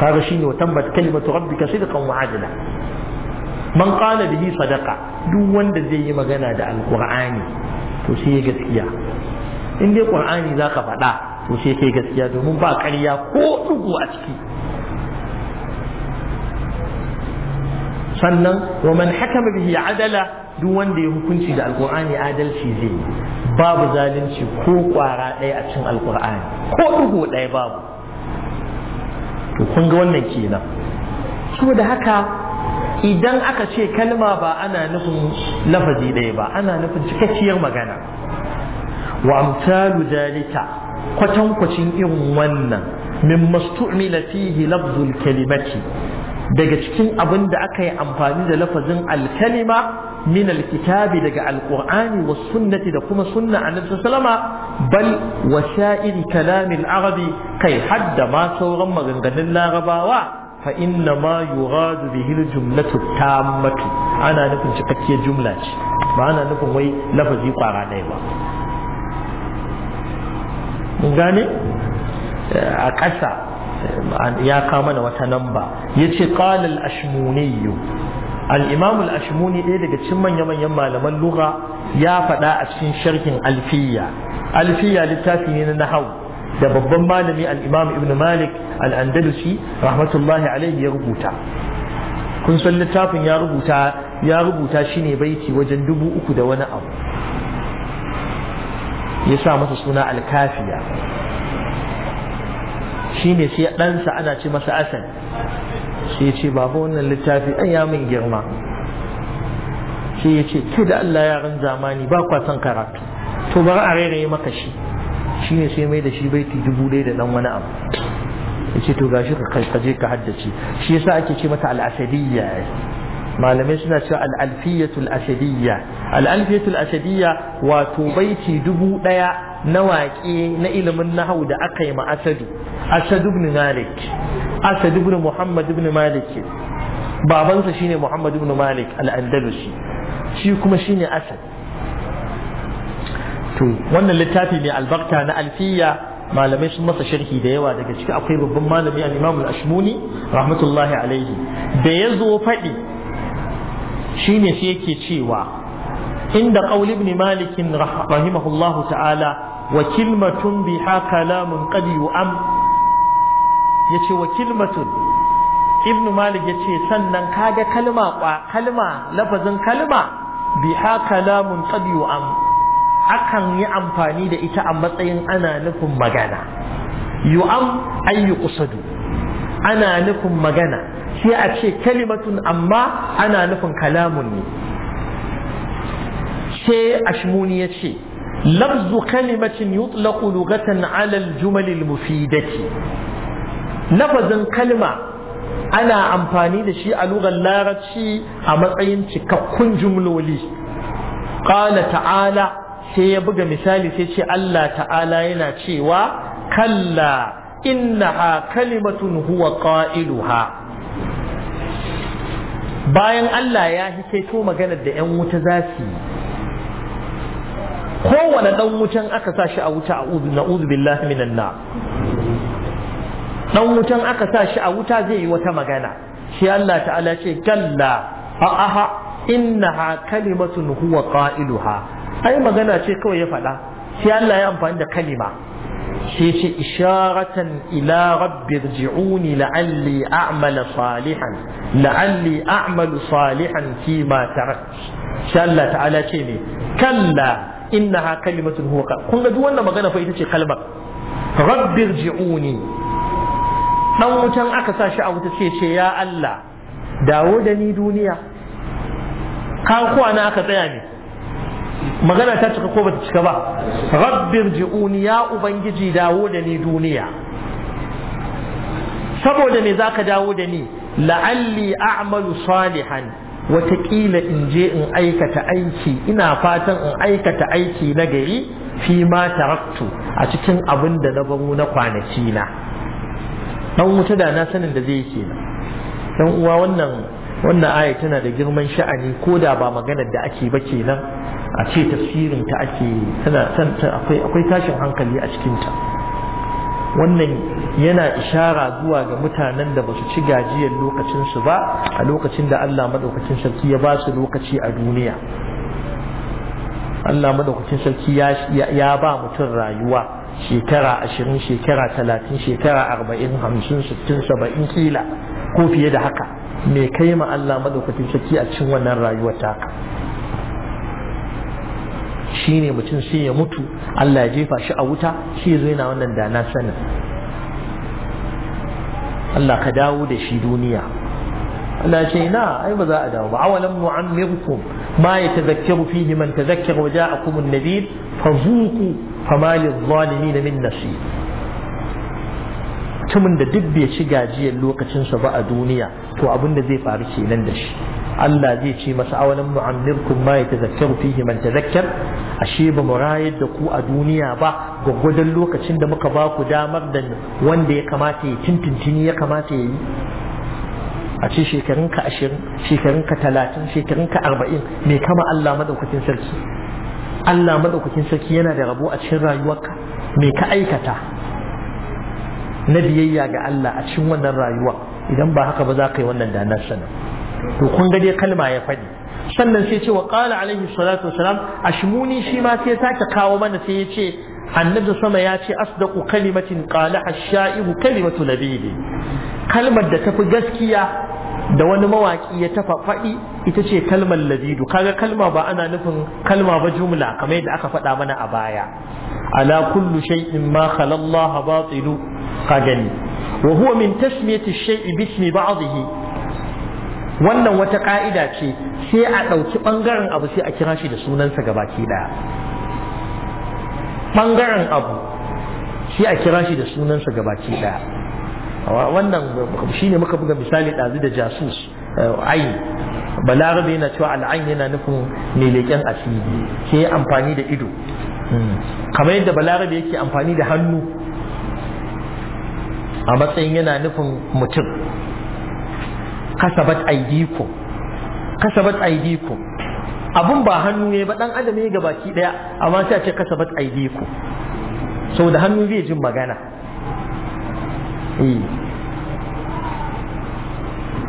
kaga shine wa tabbat kalimatu rabbika sidqan wa adala man qala bihi sadaqa duk wanda zai yi magana da alqur'ani to sai gaskiya in dai qur'ani zaka faɗa to sai kai gaskiya domin ba ƙarya ko dugu a ciki sannan wa man hakama bihi adala duk wanda ya hukunci da alqur'ani adalci zai babu zalunci ko kwara ɗaya a cikin alqur'ani ko dugu ɗaya babu to kun ga wannan kenan saboda haka idan aka ce kalma ba ana nufin lafazi ɗaya ba ana nufin cikakkiyar magana wa amsalu dalika kwatankwacin irin wannan min mastu'mila fihi lafzul kalimati daga cikin abin da aka yi amfani da lafazin alkalima min alkitabi daga alqur'ani wa sunnati da kuma sunna annabi sallama bal wasa'ir kalamil arabi kai hadda ma sauran maganganun larabawa fa inna ma yughadu bihi al-jumlatu tammatu ana nufin cikakkiyar jumla ce ba ana nufin wai lafazi kwara ɗaya ba mun gane a ƙasa ya kama da wata namba ya ce ƙalal ashmuniyu al'imamul ashmuni ɗaya daga cikin manya-manyan malaman lura ya faɗa a cikin sharhin alfiya alfiya littafi ne na nahau da babban malami alimam ibn malik al-andalusi rahmatullahi alaihi ya rubuta kun san littafin ya rubuta ya rubuta shi ne baiti wajen dubu uku da wani abu ya sa masa suna alkafiya shi ne sai ɗansa ana ce masa asan sai ce babu wannan littafi an ya min girma sai ya ce ke da Allah yaran zamani ba kwa son karatu to bari a rairaye maka shi shi ne sai mai da shi baiti dubu ɗaya da ɗan wani abu ya ce to gashi ka je ka haddace shi yasa ake ce mata al'asadiyya malamai suna cewa al'alfiyatul asadiyya al'alfiyatul asadiyya wato baiti dubu ɗaya na waƙe na ilimin nahau da aka yi ma asadu asadu ibn malik asadu ibn muhammad ibn malik babansa shine muhammad ibn malik al-andalusi shi kuma shine asad wannan littafi mai albarka na alfiya malamai sun masa sharhi da yawa daga ciki akwai babban malami a imam al-ashmuni rahmatullahi alaihi da ya zo faɗi shine shi yake cewa inda qaul ibn malik rahimahullahu ta'ala wa kilmatun biha kalamun qad yu'am yace wa kilmatun ibn malik yace sannan kaga kalma kalma lafazin kalma biha kalamun qad yu'am akan yi amfani da ita a matsayin ana nufin magana yu'am ayyu qasadu ana nufin magana sai a ce kalimatun amma ana nufin kalamun ne sai ashmuni ya ce lafzu kalimatin yutlaqu lughatan ala al-jumal al-mufidati lafazin kalma ana amfani da shi a lugar larabci a matsayin cikakkun jumloli قال تعالى sai ya buga misali sai ce Allah ta'ala yana cewa kalla innaha kalimatun huwa qailuha bayan Allah ya hikaito maganar da 'yan wuta za su yi kowane ɗan wutan aka sa shi a wuta na'udhu billahi minan na ɗan wutan aka sa shi a wuta zai yi wata magana shi Allah ta'ala ce kalla a aha ha kalimatun huwa qailuha ai magana ce kawai ya faɗa sai Allah ya amfani da kalima sai ce isharatan ila rabbi rji'uni la'alli a'mala salihan la'alli a'malu salihan fi ma tarak sai Allah ta'ala ce ne kalla innaha kalimatun huwa kun ga duk wannan magana fa ita ce kalmar rabbi ji'uni. dan wutan aka sa shi a wuta sai ce ya Allah dawo da ni duniya ka kwana aka tsaya ne magana ta cika ko bata cika ba rabbir ji'uni ya ubangiji dawo da ni duniya saboda me zaka dawo da ni la'alli a'malu salihan watakila in je in aikata aiki ina fatan in aikata aiki na gari fi ma taraktu a cikin abinda na baro na kwanaki na dan wuta da na sanin da zai yi kenan dan uwa wannan wannan aya tana da girman sha'ani ko da ba maganar da ake ba kenan a ce tafsirin ta ake akwai akwai tashin hankali a cikinta. wannan yana ishara zuwa ga mutanen da ba su ci gajiyar lokacinsu ba a lokacin da Allah Maɗaukacin sarki ya ba su lokaci a duniya Allah Maɗaukacin sarki ya ba mutum rayuwa shekara ashirin shekara talatin shekara arba'in hamsin sittin saba'in kila ko fiye da haka me kai ma Allah Maɗaukacin sarki a cikin wannan rayuwar taka Shi ne mutum sai ya mutu Allah ya jefa shi a wuta shi zai na wannan da na sanin Allah ka dawo da shi duniya Allah ce na ai ba za a dawo ba awalam nu'ammirkum ma yatadhakkaru fihi man tadhakkara wa ja'akum an-nadhir fazuqu fama lidh-dhalimin min nasir mutumin da duk bai ci gajiyar lokacinsa ba a duniya to abin da zai faru kenan da shi Allah zai ce masa awalan mu'ammirkum ma yatazakkaru fihi man tazakkar ashe ba mu rayar da ku a duniya ba gwaggwadon lokacin da muka ba ku damar da wanda ya kamata ya tintintini ya kamata ya yi a ce shekarun ka ashirin shekarun ka talatin shekarun ka arba'in mai kama Allah madaukakin sarki Allah madaukakin sarki yana da rabo a cikin rayuwarka me ka aikata na biyayya ga Allah a cikin wannan rayuwa idan ba haka ba za ka yi wannan danar sanar to kun ga dai kalma ya faɗi sannan sai ce wa qala alaihi salatu wasalam ashmuni shi ma sai sake kawo mana sai ya ce annabi sama ya ce asdaqu kalimatin qala ash-sha'iru kalimatu nabiyyi kalmar da tafi gaskiya da wani mawaƙi ya tafa faɗi ita ce kalmar lazidu kaga kalma ba ana nufin kalma ba jumla kamar yadda aka faɗa mana a baya ala kullu shay'in ma khalallaha batilu kaga gani wa huwa min tasmiyati shayi bismi ba'dihi wannan wata ka'ida ce sai a ɗauki ɓangaren abu sai a kira shi da sunansa gabaki ɗaya ɓangaren abu sai a kira shi da sunansa gabaki ɗaya wannan shi ne muka buga misali ɗazu da jasus eh, ayi balarabe yana cewa al'ain yana nufin mai leƙen asiri ke amfani da ido hmm. kamar yadda balarabe yake amfani da hannu a matsayin yana nufin mutum kasabat aidiku kasabat aidiku abun ba hannu ne ba dan adam ne gabaki daya amma sai a ce kasabat aidiku da hannu zai jin magana eh.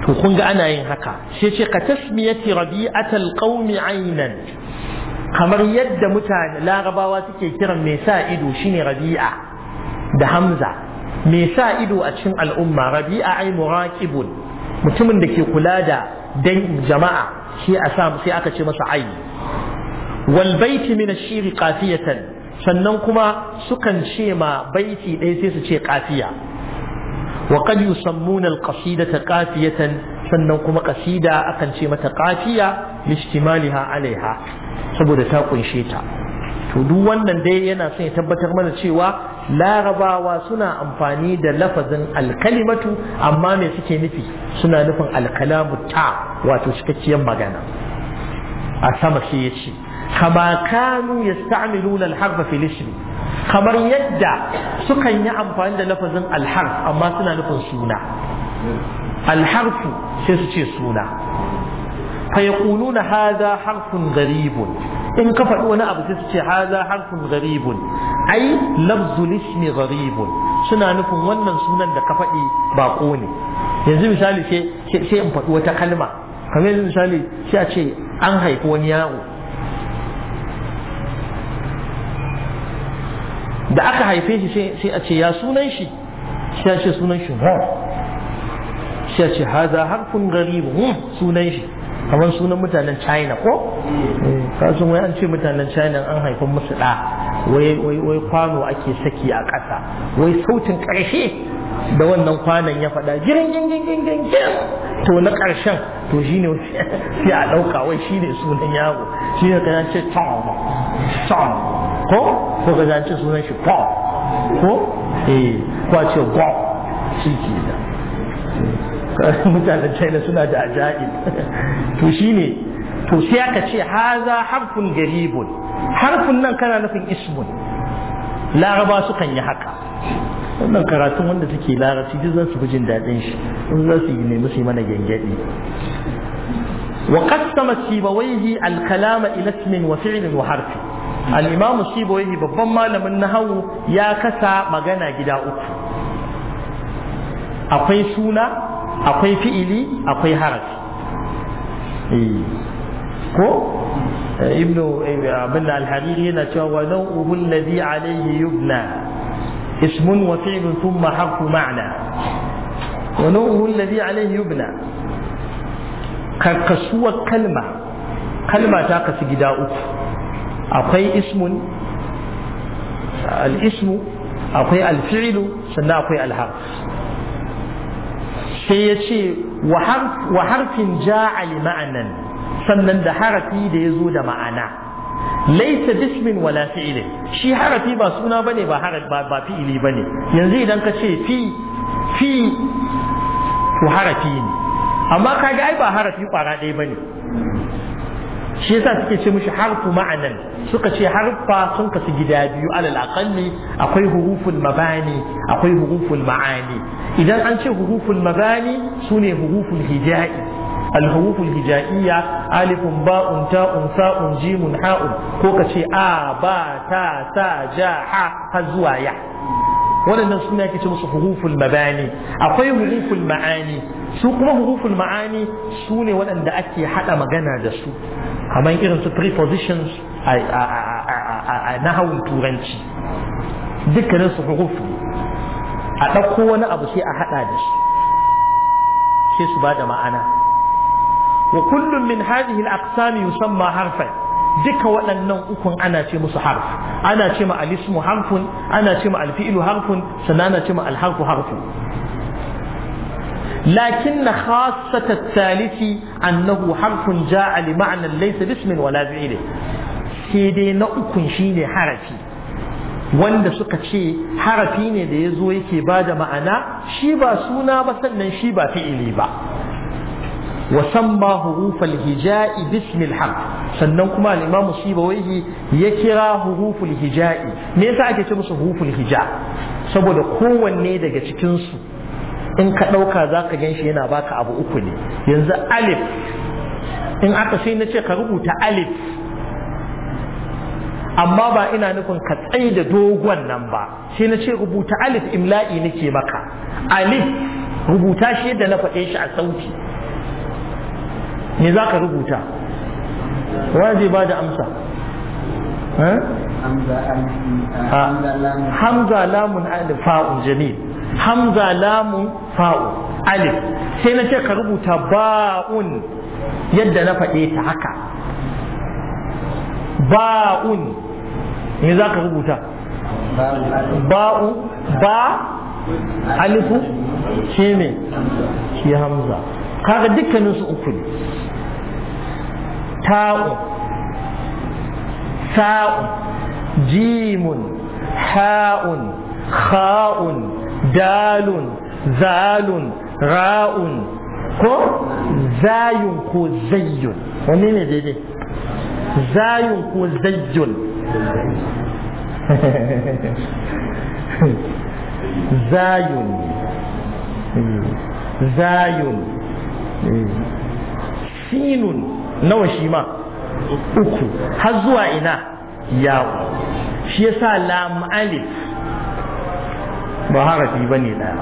to kun ga ana yin haka sai ce ka tasmiyati rabi'atal qaumi aynan kamar yadda mutane larabawa suke kiran mai sa ido shine rabi'a da hamza mai sa ido a cikin al'umma rabi'a ay muraqibun mutumin da ke kula da dan jama'a shi a sa sai aka ce masa ayi wal baiti min ashiri qafiyatan sannan kuma sukan ce ma baiti ɗaya sai su ce qafiya wa qad yusammuna al qasidata qafiyatan sannan kuma qasida akan ce mata qafiya lishtimaliha alaiha saboda ta kunshe ta to duk wannan dai yana son ya tabbatar mana cewa larabawa suna amfani da lafazin alkalimatu amma me suke nufi suna nufin alkalamu ta wato cikakkiyar magana a sama sai ya ce kama kanu ya alharfa fil ism kamar yadda sukan yi amfani da lafazin alharf amma suna nufin suna alharfu sai su ce suna fa yaquluna hadha harfun gharibun in ka faɗi wani abu sai su ce haza harfun gharibun ai lafzul ismi gharibun suna nufin wannan sunan da ka faɗi bako ne yanzu misali sai in faɗi wata kalma kamar yanzu misali sai a ce an haifi wani yaro da aka haife shi sai a ce ya sunan shi sai a ce sunan shi sai a ce haza harfun gharibun hmm, sunan shi kamar sunan mutanen china ko eh, kasan wai an ce mutanen china an haifan musu da wai kwano ake saki a ƙasa wai sautin ƙarshe da wannan kwanon ya faɗa girin girin girin to na ƙarshen to shi ne sai a ɗauka wai shi ne sunan yaro shi ne kana ce tom tom ko ko ka ce sunan shi tom ko eh ko a ce gwa shi ke da mutanen china suna da ajaib to ne. to sai aka ce haza harfun garibun harfun nan kana nufin ismun laraba su kan yi haka wannan karatun wanda suke larabci duk za su fi jin daɗin shi in za su yi nemi su yi mana gyangyaɗi وقسم سيبويه الكلام إلى اسم وفعل وحرف الإمام سيبويه babban malamin nahawu ya kasa magana gida uku akwai suna akwai fi'ili akwai harafi ko ibnu abin da alhariri yana cewa wa nau'uhu alladhi alayhi yubna ismun wa fi'lun thumma harfu ma'na wa nau'uhu alladhi alayhi yubna karkasuwar kalma kalma ta kasu gida uku akwai ismun al-ismu akwai al-fi'lu sannan akwai al-harf sai ya ce wa harfin ja'a ma'anan sannan da harafi da ya zo da ma'ana laisa bismin wala fi'ilin shi harafi ba suna bane ba harafi ba fi'ili bane yanzu idan ka ce fi fi to harafi ne amma kaga ai ba harafi kwara ɗaya bane shi yasa suke ce mishi harfu ma'anan suka ce harfa sun kasu gida biyu alal aqalli akwai huruful mabani akwai huruful ma'ani idan an ce huruful mabani sune huruful hijai الحروف الهجائية ألف باء تاء ثاء جيم حاء كوكا شيء آ با تا تا جا حا هزوا يا waɗannan suna yake ce musu huruful mabani akwai huruful ma'ani su kuma huruful ma'ani su ne waɗanda ake haɗa magana da su irin su prepositions a nahawun turanci dukkanin su hurufu a ɗauko wani abu sai a haɗa da su sai su ba da ma'ana wa kullum min hadhihi al-aqsam yusamma harfan duka waɗannan ukun ana ce musu harf ana ce ma alismu harfun ana ce ma alfi'ilu harfun sannan ana ce ma alharfu harfun annahu خاصة الثالث أنه حرف جاء لمعنى ليس باسم ولا فعله سيدي نأكن شيني harafi. wanda suka ce harafi ne da ya zo yake bada ma'ana shi ba suna ba sannan shi ba fi'ili ba وسمى حروف الهجاء باسم الحق sannan kuma al-Imam Sibawayhi ya kira huruful hija'i me yasa ake ce musu huruful hija saboda kowanne daga cikin su in ka dauka zaka ganshi yana baka abu uku ne yanzu alif in aka sai na ce ka rubuta alif amma ba ina nufin ka tsaye da dogon nan ba sai na ce rubuta alif imla'i nake maka alif rubuta shi yadda na faɗe shi a sauti me za ka rubuta wa zai ba da amsa eh? hamza lamun alif fa'un jamil hamza lamun fa'un alif sai na ce ka rubuta ba'un yadda na faɗe ta haka ba'un me za ka rubuta ba'u ba alifu shi ne shi hamza kaga dukkanin su uku ne ta'u sa'u jimun ha'un kha'un dalun zalun ra'un ko zayun ko zayyun wani ne daidai zayun ko zayyun zayun hmm. zayun sinun nawa shi ma uku har zuwa ina yawo shi sa lam alif ba harafi ne daya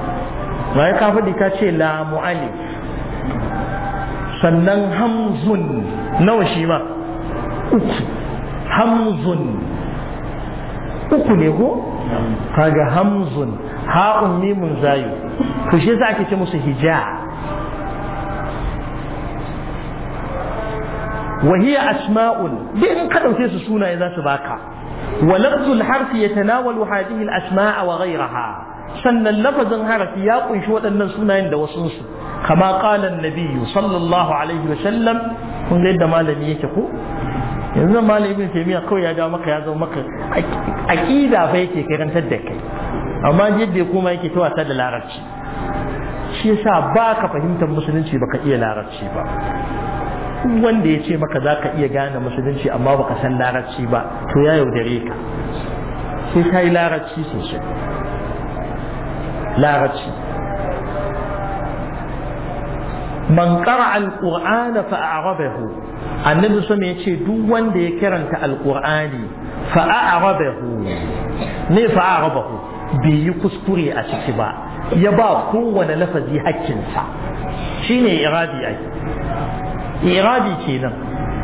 ba ya kafa ka ce lamu alif sannan hamzun nawa shi ma uku hamzun uku ne ko kaga hamzun ha'un mimun zayu ku shi yasa ake ce musu hija وهي أسماء بإن قد أوتيس سونا إذا سباكا ولفظ الحرف يتناول هذه الأسماء وغيرها سن اللفظ الحرف يقول شوة أن سونا عند وصنص كما قال النبي صلى الله عليه وسلم من لدى ما لم يتقو يزن ما لم يتقو يقول يا جاو مكة يا جاو مكة أكيدا فيك كيرن تدك أما جد يقول ما يكتوى تد العرش شيء سابقا فهمت المسلمين بقية العرش duk wanda ya ce maka za ka iya gane musulunci amma baka san larabci ba to ya yaudare ka sai ka yi larabci sosai larabci man qara al-qur'ana fa annabi sama ya ce duk wanda ya kiranta alkur'ani fa'arabahu ne fa'arabahu bai yi kuskure a ciki ba ya ba kowane lafazi hakkinsa shine iradi إيرادي كينا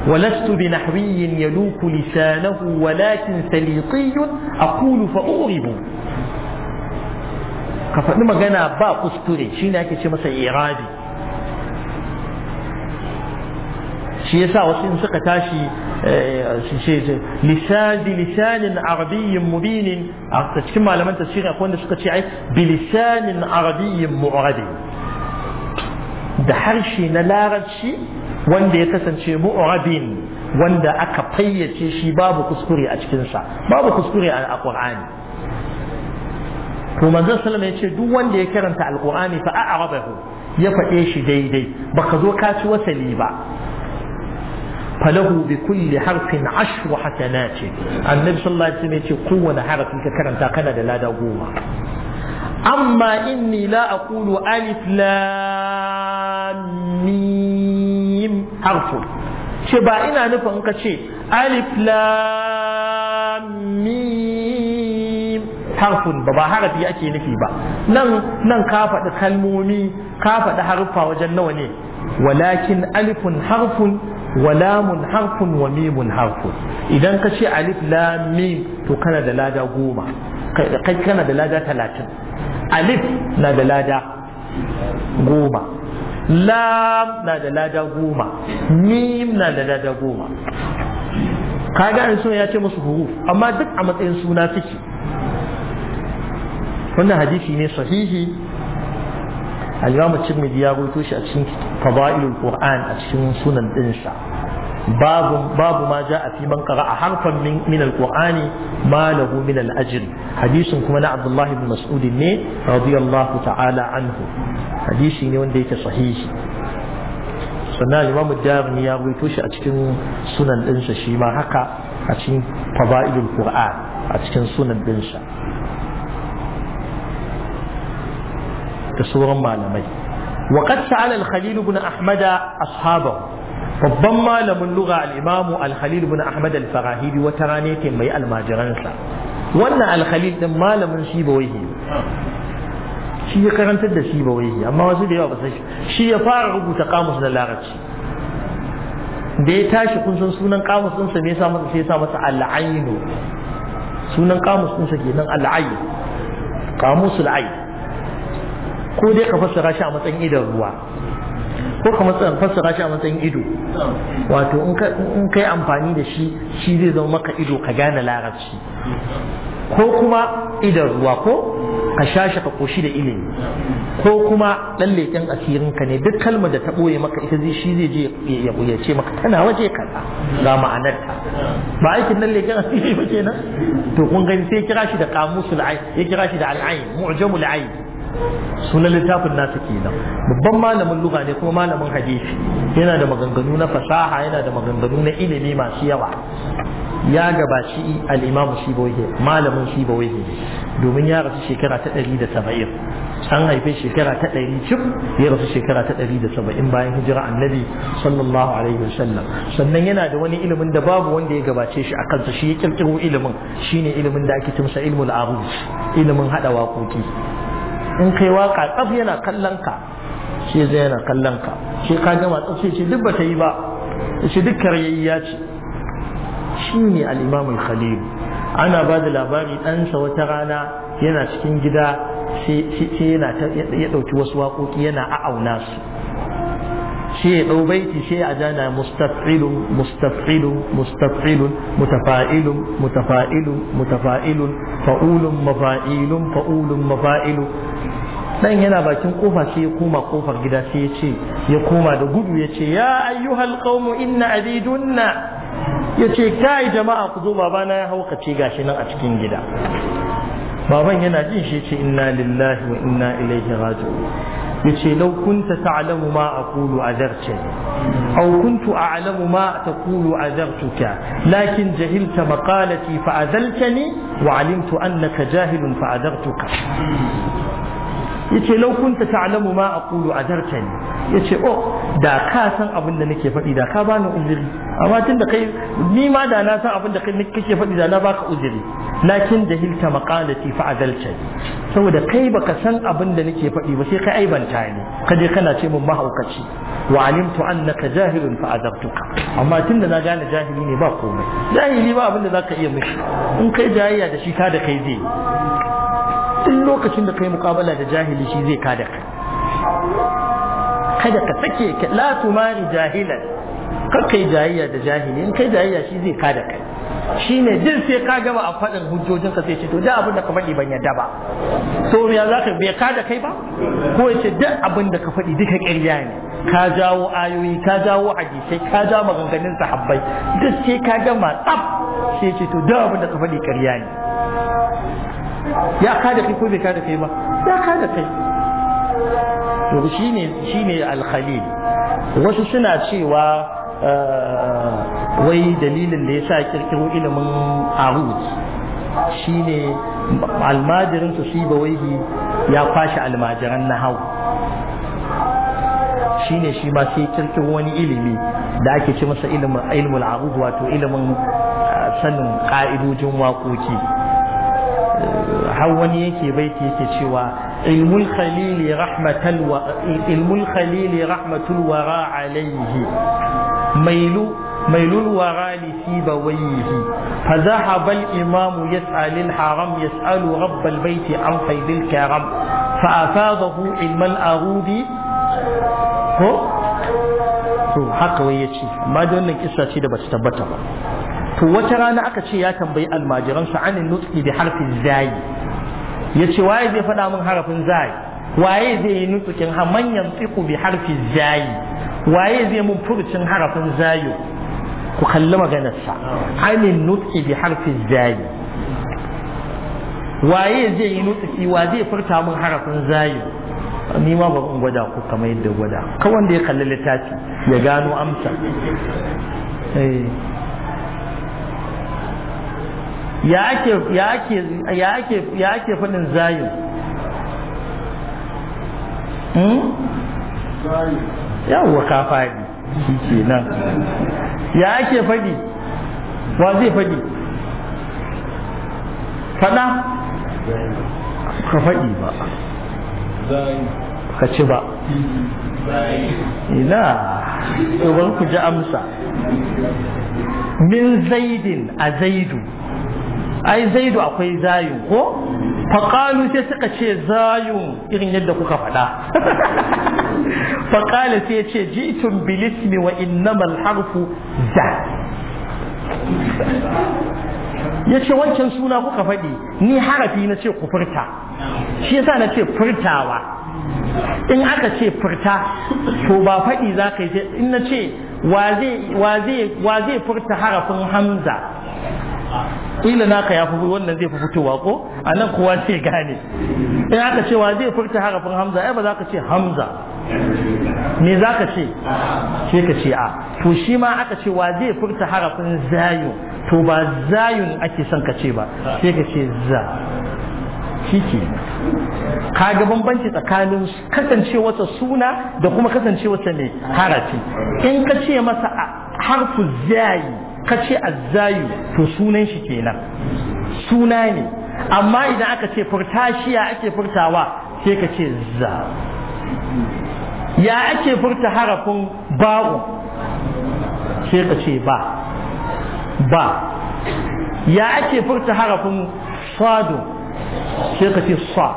ولست بنحوي يلوك لسانه ولكن سليطي أقول فأغرب كفتنا ما قانا أبا قسطري شين هكي شي مثلا إيرادي شي يسا وسين سقتاشي آه، لسان بلسان عربي مبين كما لما انت تشيغي اقوان سقتشي عيس بلسان عربي معربي ده حرشي نلارد شي wanda ya kasance mu'rabin wanda aka fayyace shi babu kuskure a cikinsa babu kuskure a alqur'ani to manzon sallama ya duk wanda ya karanta alqur'ani fa a'rabahu ya faɗe shi daidai baka zo ka ci wasali ba falahu bi kulli harfin ashru hasanati annabi sallallahu alaihi wasallam ya ce kowane harafi ka karanta kana da lada goma amma inni la aqulu alif lam mim harfun ce ba ina nufin ka ce alif lam mim harfun ba ba harafi ake nufi ba nan nan ka faɗi kalmomi ka faɗi harfa wajen nawa ne walakin alifun harfun walamun harfun wa mimun harfun idan ka ce alif lam mim to kana da lada goma kai kana da lada talatin alif na da lada goma lam na da lada goma mim na da lada goma kaga an so ya ce musu huruf amma duk a matsayin suna suke wannan hadisi ne sahihi al-imam at-tirmidhi ya rawaito shi a cikin fadailul qur'an a cikin sunan sa. babu babu ma jaa fi man qara'a harfan min min alqur'ani ma lahu min alajr hadisin kuma na abdullahi ibn mas'ud ne radiyallahu ta'ala anhu hadisi ne wanda yake sahihi sannan imamu darimi ya rubuto shi a cikin sunan ɗinsa shi ma haka a cikin fada'ilul qur'an a cikin sunan ɗinsa da sauran malamai وقد سأل الخليل بن أحمد أصحابه babban malamin lura al'imamu alhalil al-khalil ahmad al-farahidi wata rana yake mai almajiransa wannan alhalil khalil din malamin shi ba wai shi ya karantar da shi ba wai amma wasu da yawa ba san shi ya fara rubuta kamus na larabci da ya tashi kun san sunan kamus din sa me yasa masa sai ya sa masa al-ainu sunan kamus din sa kenan al-ain kamusul ain ko dai ka fassara shi a matsayin idan ruwa ko kuma fassara shi a matsayin ido wato in yi amfani da shi shi zai zama maka ido ka gane larabci ko kuma idan ruwa ko ka sha ka koshi da ilimi ko kuma dan asirin asirinka ne duk kalmar da ta boye maka ita zai shi zai je ya ce maka tana waje ka ga ta ba aikin nan leken asiri ba kenan to kun gani sai kira shi da qamusul ayn ya kira shi da al'ayn mu'jamul ayn sunan littafin nasa kenan babban malamin lugha ne kuma malamin hadisi yana da maganganu na fasaha yana da maganganu na ilimi masu yawa ya gabaci al imam shibawahi malamin shibawahi domin ya rasu shekara ta 170 an haife shekara ta 100 cif ya rasu shekara ta 170 bayan hijira annabi sallallahu alaihi wasallam sannan yana da wani ilimin da babu wanda ya gabace shi a sa shi ya kirkiro ilimin shine ilimin da ake tumsa ilmul aruz ilimin hada waƙoƙi in kai waka tsaf yana kallon ka shi zai yana kallon ka shi ka gama tsaf sai ce duk ba ta yi ba shi duk karyayya ce shi ne al al-khalil ana ba da labari ɗansa wata rana yana cikin gida sai yana ya ɗauki wasu waƙoƙi yana a'auna su shi ya ɗau baiti shi a jana mustaf'ilun mustaf'ilun mustaf'ilun mutafa'ilun mutafa'ilun mutafa'ilun fa'ulun mafa'ilun fa'ulun Mafailun. dan yana bakin kofa sai ya koma kofar gida sai ya ce ya koma da gudu ya ce ya ayyuhal qaumu inna abidunna ya ce kai jama'a ku zo babana ya haukace gashi nan a cikin gida baban yana jin shi ce inna lillahi wa inna ilaihi raji'un yace law kunta ta'lamu ma aqulu azartani aw kuntu a'lamu ma taqulu azartuka lakin jahilta maqalati fa azaltani wa 'alimtu annaka jahilun fa azartuka yace law kunta ta'lamu ma aqulu azartani yace oh da ka san abin da nake faɗi da ka bani uzuri amma tunda kai ni ma da na san abin da kai kake faɗi da na baka uzuri Na kin jahilta maqalati fa'adalta saboda kai baka san abin da nake faɗi ba sai ka aibanta ni ka je kana ce mun mahaukaci wa alimtu annaka jahilun fa'adabtuka amma tunda na gane jahili ne ba komai jahili ba abin da zaka iya mishi in kai jayayya da shi ka da kai zai duk lokacin da kai muqabala da jahili shi zai ka da kai kada ka sake la tumani jahilan kar kai jayayya da jahili in kai jayayya shi zai ka da kai Shi ne duk sai ka gama a faɗin hujjojinka. sai ce to duk abin da ka faɗi ban yadda ba so ya za ka bai ka da kai ba ko ya ce duk abin da ka faɗi duka ƙarya ne ka jawo ayoyi ka jawo hadisai ka jawo maganganun sahabbai duk sai ka gama tsaf sai ce to duk abin da ka faɗi ƙarya ne ya ka da kai ko bai ka da kai ba ya ka da kai to shi ne al-khalil wasu suna cewa Eh, wai dalilin da ya sa kirkiro ilimin shi shine almajirin su shi wai ya kwashe almajiran na hau Shi ne shi ma sai kirkiro wani ilimi da ake ci masa ilimin ilimin arut wato ilimin eh, sanin ka'idojin waƙoƙi eh, har wani yake baiti yake cewa علم الخليل رحمة الو... علم الخليل رحمة الورى عليه ميل ميل الورى لسيبويه فذهب الإمام يسعى للحرم يسأل رب البيت عن فيض الكرم فأفاضه علم الأرود to haka wai ya ce amma da wannan kisa ce da bata tabbata ba to wata rana aka ya ce waye zai faɗa min harafin zai waye zai yi nutsukin ha manyan tsiku bi harfi zai waye zai mun furucin harafin zayo ku kalli maganarsa anin nutsi bi harfi zai waye zai yi nutsuki wa zai furta min harafin zayo ni ma ba gwada ku kamar yadda gwada kawai wanda ya kalli littafi ya gano amsa eh. ya ake faɗin zayin hmm yawwa ka fadi shikenan ya ake faɗi, wa zai faɗi faɗa? ka faɗi ba ka ci ba ina to ku ji amsa min zaidin a zaidu ai zaidu akwai zayu ko faƙalu sai suka ce zayu irin yadda kuka faɗa faƙala sai ce jitun bilismi wa innamal harfu za ya ce wancan suna kuka faɗi ni harafi na ce ku furta shi yasa na ce furtawa in aka ce furta to ba faɗi za ka yi in na ce wa zai furta harafin hamza kila naka ya fi wannan zai fi fitowa ko a nan kowa zai gane in aka ce wa zai furta harafin hamza ai ba za ka ce hamza me za ka ce sai ka ce a to shi ma aka ce wa zai furta harafin zayu to ba zayun ake son ka ce ba sai ka ce za shi ke ga bambanci tsakanin kasance wata suna da kuma kasance wata ne harafi in ka ce masa harfu zayi ka ce azzayu to sunan shi kenan suna ne amma idan aka ce furtashiya ake furtawa sai ka ce za ya ake furta harafin ba'u sai ka ce ba ba ya ake furta harafin sadu sai ka ce sa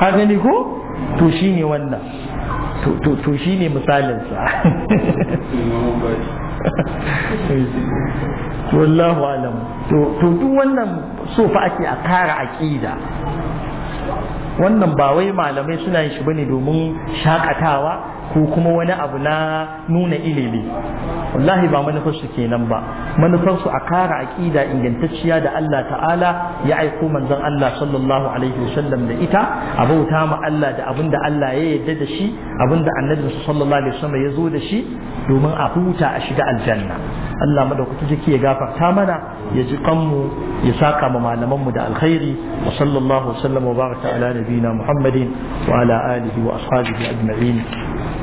ka gani ko to shi ne wannan to shi ne misalinsa wallahu alam to duk wannan so fa ake a kara aqida wannan ba wai malamai suna yin shi bane domin shakatawa ko kuma wani abu na nuna ilimi wallahi ba manufar su kenan ba manufarsu a kara aƙida ingantacciya da Allah ta'ala ya aiko manzon Allah sallallahu alaihi wasallam da ita a bauta ma Allah da abin da Allah ya yarda da shi abin da annabi sallallahu alaihi wasallam ya zo da shi domin a huta a shiga aljanna Allah madaukaki yake ya gafarta mana ya ji kanmu ya saka ma malamanmu da alkhairi wa sallallahu wasallam wa baraka ala nabiyina muhammadin wa ala alihi wa ashabihi ajma'in